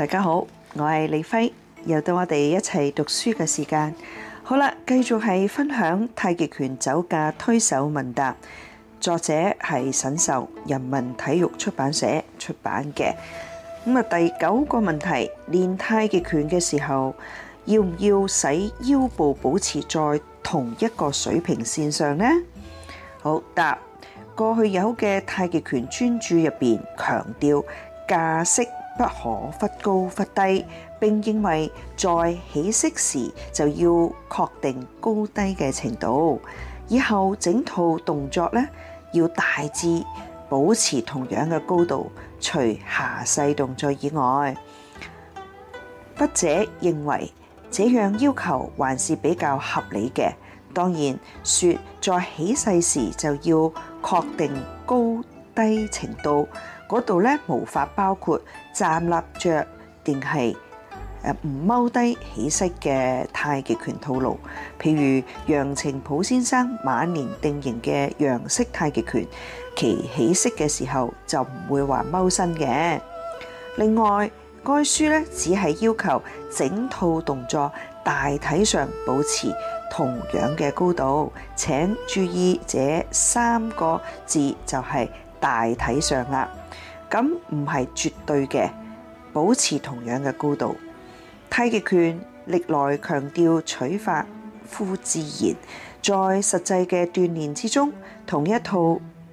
大家好，我係李輝，又到我哋一齊讀書嘅時間。好啦，繼續係分享太極拳走架推手問答，作者係沈壽，人民體育出版社出版嘅。咁啊，第九個問題，練太極拳嘅時候，要唔要使腰部保持在同一個水平線上呢？好答，過去有嘅太極拳專著入邊強調架式。不可忽高忽低，並認為在起勢時就要確定高低嘅程度。以後整套動作咧要大致保持同樣嘅高度，除下細動作以外。筆者認為這樣要求還是比較合理嘅。當然，說在起勢時就要確定高低程度，嗰度咧無法包括站立着定係唔踎低起式嘅太極拳套路，譬如楊澄甫先生晚年定型嘅楊式太極拳，其起式嘅時候就唔會話踎身嘅。另外，該書咧只係要求整套動作大體上保持同樣嘅高度。請注意，這三個字就係大體上啦。咁唔係絕對嘅，保持同樣嘅高度。太極拳歷來強調取法乎自然，在實際嘅鍛鍊之中，同一套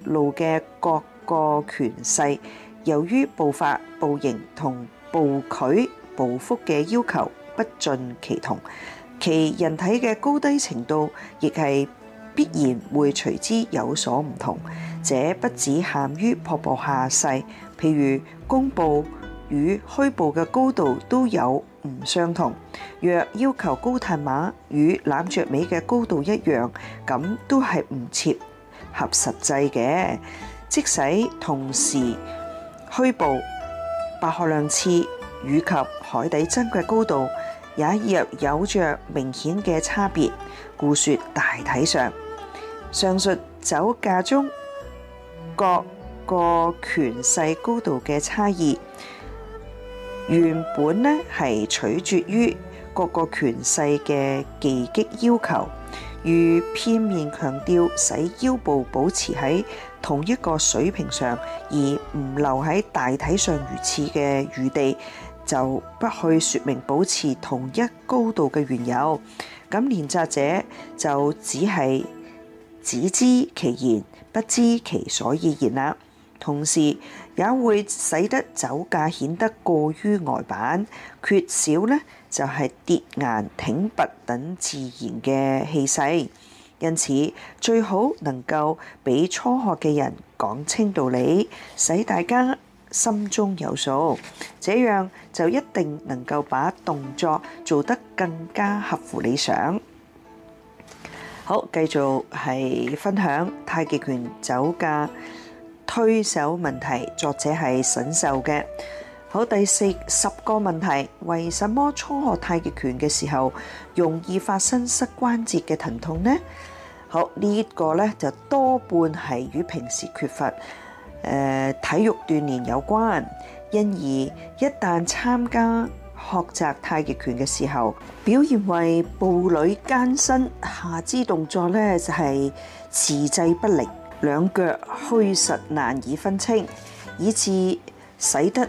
路嘅各個拳勢，由於步法、步型同步距、步幅嘅要求不盡其同，其人體嘅高低程度亦係必然會隨之有所唔同。這不只限於仆步下勢。譬如弓步與虛步嘅高度都有唔相同，若要求高探馬與攬雀尾嘅高度一樣，咁都係唔切合實際嘅。即使同時虛步白鶴亮翅以及海底針嘅高度，也若有着明顯嘅差別，故説大體上上述走架中各個權勢高度嘅差異，原本呢係取決於各個權勢嘅技擊要求。如片面強調使腰部保持喺同一個水平上，而唔留喺大體上如此嘅餘地，就不去說明保持同一高度嘅緣由。咁練習者就只係只知其言，不知其所以然啦。同時也會使得走架顯得過於呆板，缺少呢就係跌硬挺拔等自然嘅氣勢。因此最好能夠俾初學嘅人講清道理，使大家心中有數，這樣就一定能夠把動作做得更加合乎理想。好，繼續係分享太極拳走架，推手問題，作者係沈壽嘅。好，第四十個問題，為什麼初學太極拳嘅時候容易發生膝關節嘅疼痛呢？好，這個、呢一個咧就多半係與平時缺乏誒、呃、體育鍛煉有關，因而一旦參加學習太極拳嘅時候，表現為步履艱辛、下肢動作呢，就係遲滯不靈。兩腳虛實難以分清，以致使得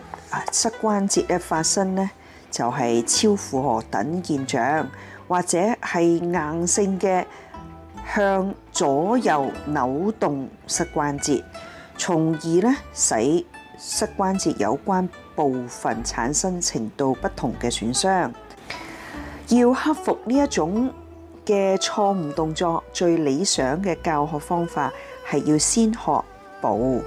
膝關節嘅發生呢就係超負荷等現象，或者係硬性嘅向左右扭動膝關節，從而呢使膝關節有關部分產生程度不同嘅損傷。要克服呢一種嘅錯誤動作，最理想嘅教學方法。係要先學步，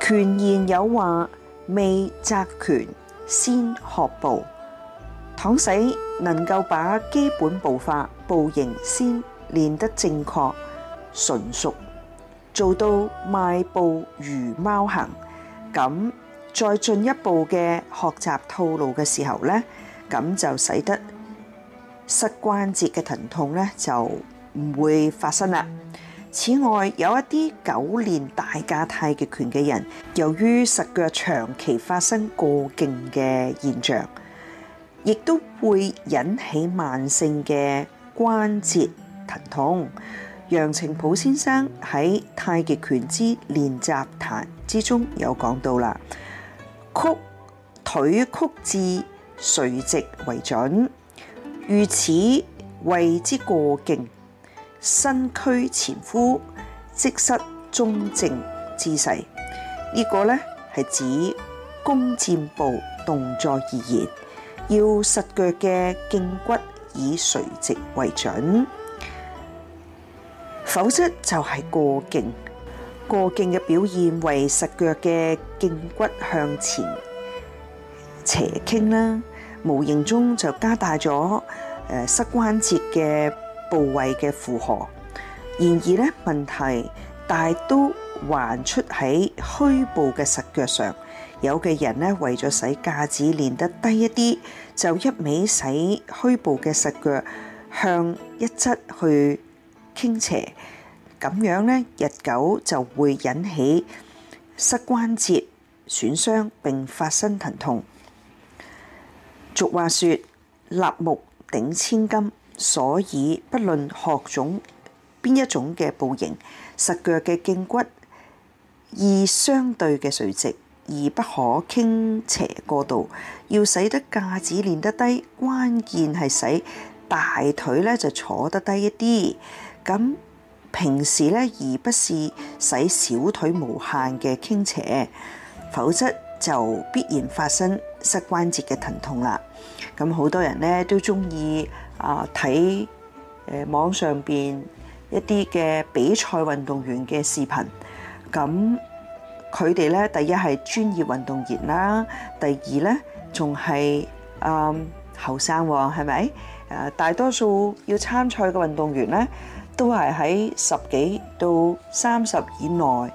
拳諺有話，未擇拳先學步。倘使能夠把基本步法、步型先練得正確、純熟，做到邁步如貓行，咁再進一步嘅學習套路嘅時候咧，咁就使得膝關節嘅疼痛咧就唔會發生啦。此外，有一啲久練大架太極拳嘅人，由於實腳長期發生過勁嘅現象，亦都會引起慢性嘅關節疼痛。楊澄甫先生喺《太極拳之練習談》之中有講到啦：曲腿曲至垂直為準，如此謂之過勁。身軀前俯，即失中正姿勢。呢個咧係指弓箭步動作而言，要實腳嘅脛骨以垂直為準，否則就係過勁。過勁嘅表現為實腳嘅脛骨向前斜傾啦，無形中就加大咗誒膝關節嘅。部位嘅負荷，然而咧問題大都還出喺虛步嘅實腳上，有嘅人呢，為咗使架子練得低一啲，就一味使虛步嘅實腳向一側去傾斜，咁樣呢，日久就會引起膝關節損傷並發生疼痛。俗話說：立木頂千金。所以，不論學種邊一種嘅步型，實腳嘅脛骨以相對嘅垂直而不可傾斜過度，要使得架子練得低，關鍵係使大腿咧就坐得低一啲。咁平時咧，而不是使小腿無限嘅傾斜，否則就必然發生膝關節嘅疼痛啦。咁好多人咧都中意。啊！睇誒網上邊一啲嘅比賽運動員嘅視頻，咁佢哋咧第一係專業運動員啦，第二咧仲係誒後生，係咪？誒、嗯、大多數要參賽嘅運動員咧，都係喺十幾到三十以內。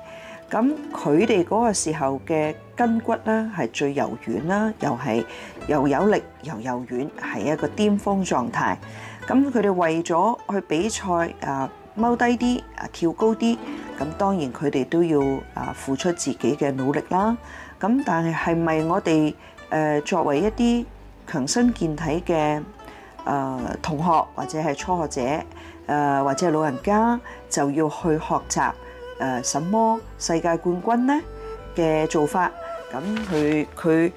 咁佢哋嗰個時候嘅筋骨咧，係最柔軟啦，又係又有力又柔軟，係一個巔峯狀態。咁佢哋為咗去比賽啊，踎低啲啊，跳高啲，咁當然佢哋都要啊付出自己嘅努力啦。咁但係係咪我哋誒作為一啲強身健體嘅誒同學，或者係初學者，誒或者係老人家，就要去學習？誒什麼世界冠軍呢嘅做法，咁佢佢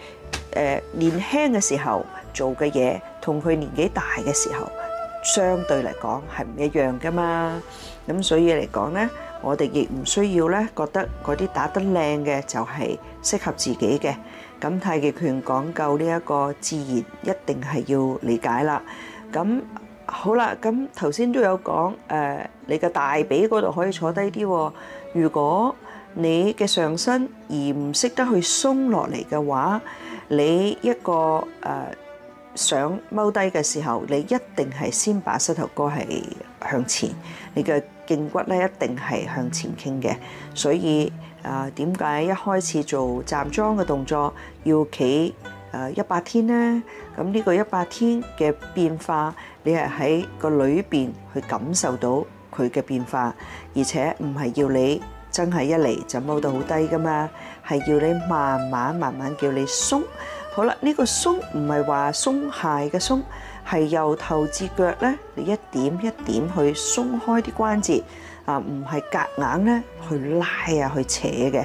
誒年輕嘅時候做嘅嘢，同佢年紀大嘅時候相對嚟講係唔一樣㗎嘛，咁所以嚟講呢，我哋亦唔需要呢覺得嗰啲打得靚嘅就係適合自己嘅，咁太極拳講究呢一個自然，一定係要理解啦，咁。好啦，咁頭先都有講，誒、呃、你嘅大髀嗰度可以坐低啲。如果你嘅上身而唔識得去鬆落嚟嘅話，你一個誒、呃、想踎低嘅時候，你一定係先把膝頭哥係向前，你嘅頸骨咧一定係向前傾嘅。所以啊，點、呃、解一開始做站樁嘅動作要企？誒一百天咧，咁呢個一百天嘅變化，你係喺個裏邊去感受到佢嘅變化，而且唔係要你真係一嚟就踎到好低噶嘛，係要你慢慢慢慢叫你鬆。好啦，呢個鬆唔係話鬆懈嘅鬆，係由頭至腳咧，你一點一點去鬆開啲關節啊，唔係夾硬咧去拉啊去扯嘅。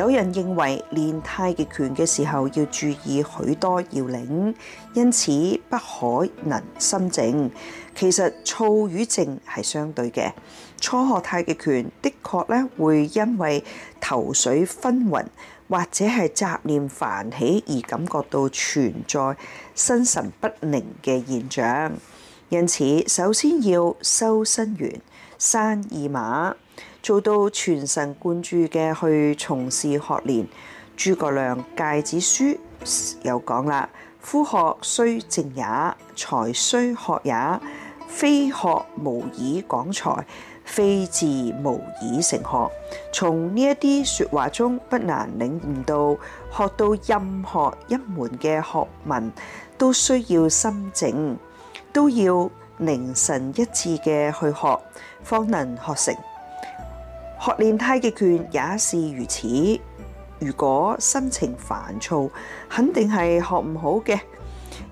有人認為練太極拳嘅時候要注意許多要領，因此不可能心靜。其實躁與靜係相對嘅。初學太極拳的確咧會因為頭緒昏暈或者係雜念繁起而感覺到存在心神不寧嘅現象，因此首先要收心猿，拴意馬。做到全神貫注嘅去從事學練，諸葛亮《誡子書》有講啦，夫學須靜也，才須學也，非學無以廣才，非志無以成學，從呢一啲說話中，不難領悟到，學到任何一門嘅學問都需要心靜，都要凝神一致嘅去學，方能學成。學練太極拳也是如此，如果心情煩躁，肯定係學唔好嘅。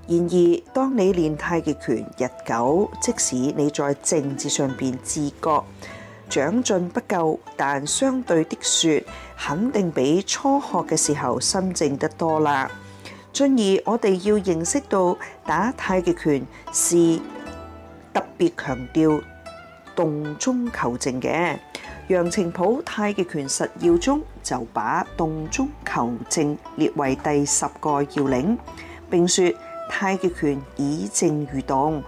然而，當你練太極拳日久，即使你在靜字上邊自覺長進不夠，但相對的說，肯定比初學嘅時候心靜得多啦。進而，我哋要認識到打太極拳是特別強調動中求靜嘅。楊澄甫《太極拳實要》中就把動中求靜列為第十個要領，並說太極拳以靜御動，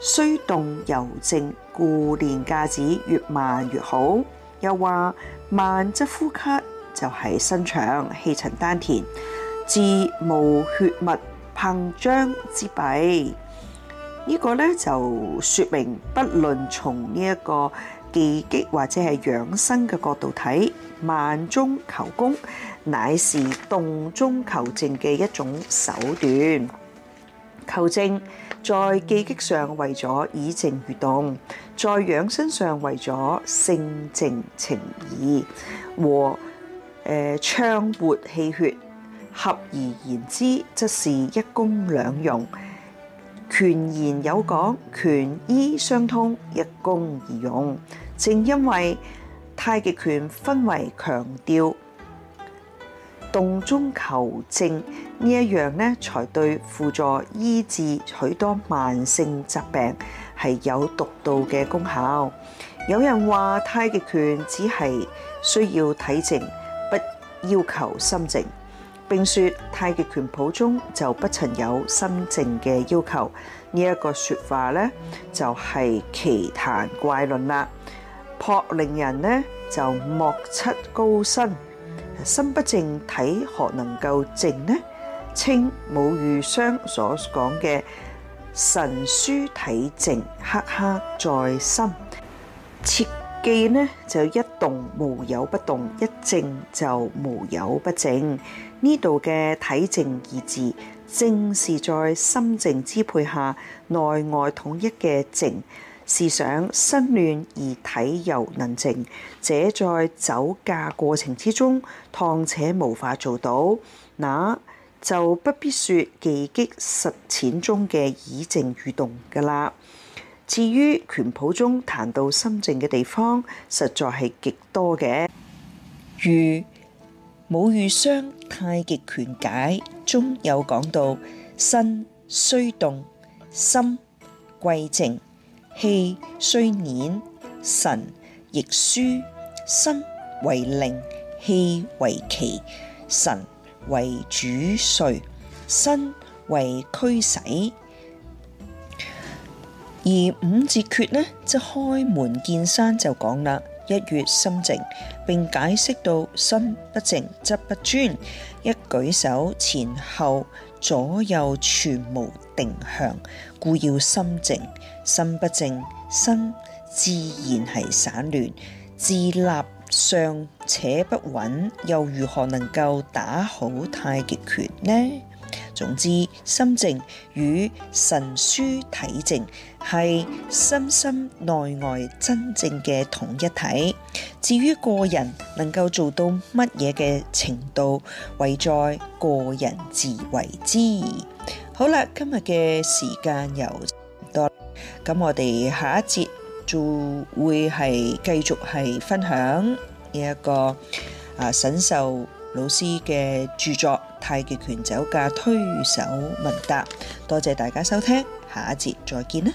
雖動猶靜，故練架子越慢越好。又話慢則呼吸就係、是、身長，氣沉丹田，自無血脈膨脹之弊。呢、這個咧就說明不論從呢一個。技擊或者係養生嘅角度睇，慢中求功，乃是動中求靜嘅一種手段。求靜，在技擊上為咗以靜御動，在養生上為咗性靜情怡和誒、呃、暢活氣血。合而言之，則是一功兩用，拳言有講，拳醫相通，一功而用。正因為太極拳分為強調動中求靜呢一樣咧，才對輔助醫治許多慢性疾病係有獨到嘅功效。有人話太極拳只係需要體靜，不要求心靜。並說太極拳譜中就不曾有心靜嘅要求。呢、這、一個說法呢，就係奇談怪論啦。學令人呢就莫測高深，心不靜，體何能夠靜呢？清武禹襄所講嘅神舒體靜，刻刻在心。切記呢就一動無有不動，一靜就無有不靜。呢度嘅體靜二字，正是在心靜支配下內外統一嘅靜。試想身亂而體又能靜，這在走架過程之中，尚且無法做到，那就不必說技擊實踐中嘅以靜御動㗎喇。至於拳譜中談到心靜嘅地方，實在係極多嘅，如《武禹襄太極拳解》中有講到：身雖動，心貴靜。氣雖念，神亦舒，心為令，氣為旗，神為主帥，身為驅使。而五字訣呢，即開門見山就講啦。一月心靜，並解釋到心不靜則不專，一舉手前後左右全無定向，故要心靜。心不靜，身自然係散亂，自立尚且不穩，又如何能夠打好太極拳呢？總之，心靜與神舒體靜係身心內外真正嘅統一體。至於個人能夠做到乜嘢嘅程度，唯在個人自為之。好啦，今日嘅時間又多咁，我哋下一節就會係繼續係分享呢一個啊沈壽老師嘅著作。太極拳走架推手問答，多謝大家收聽，下一節再見啦。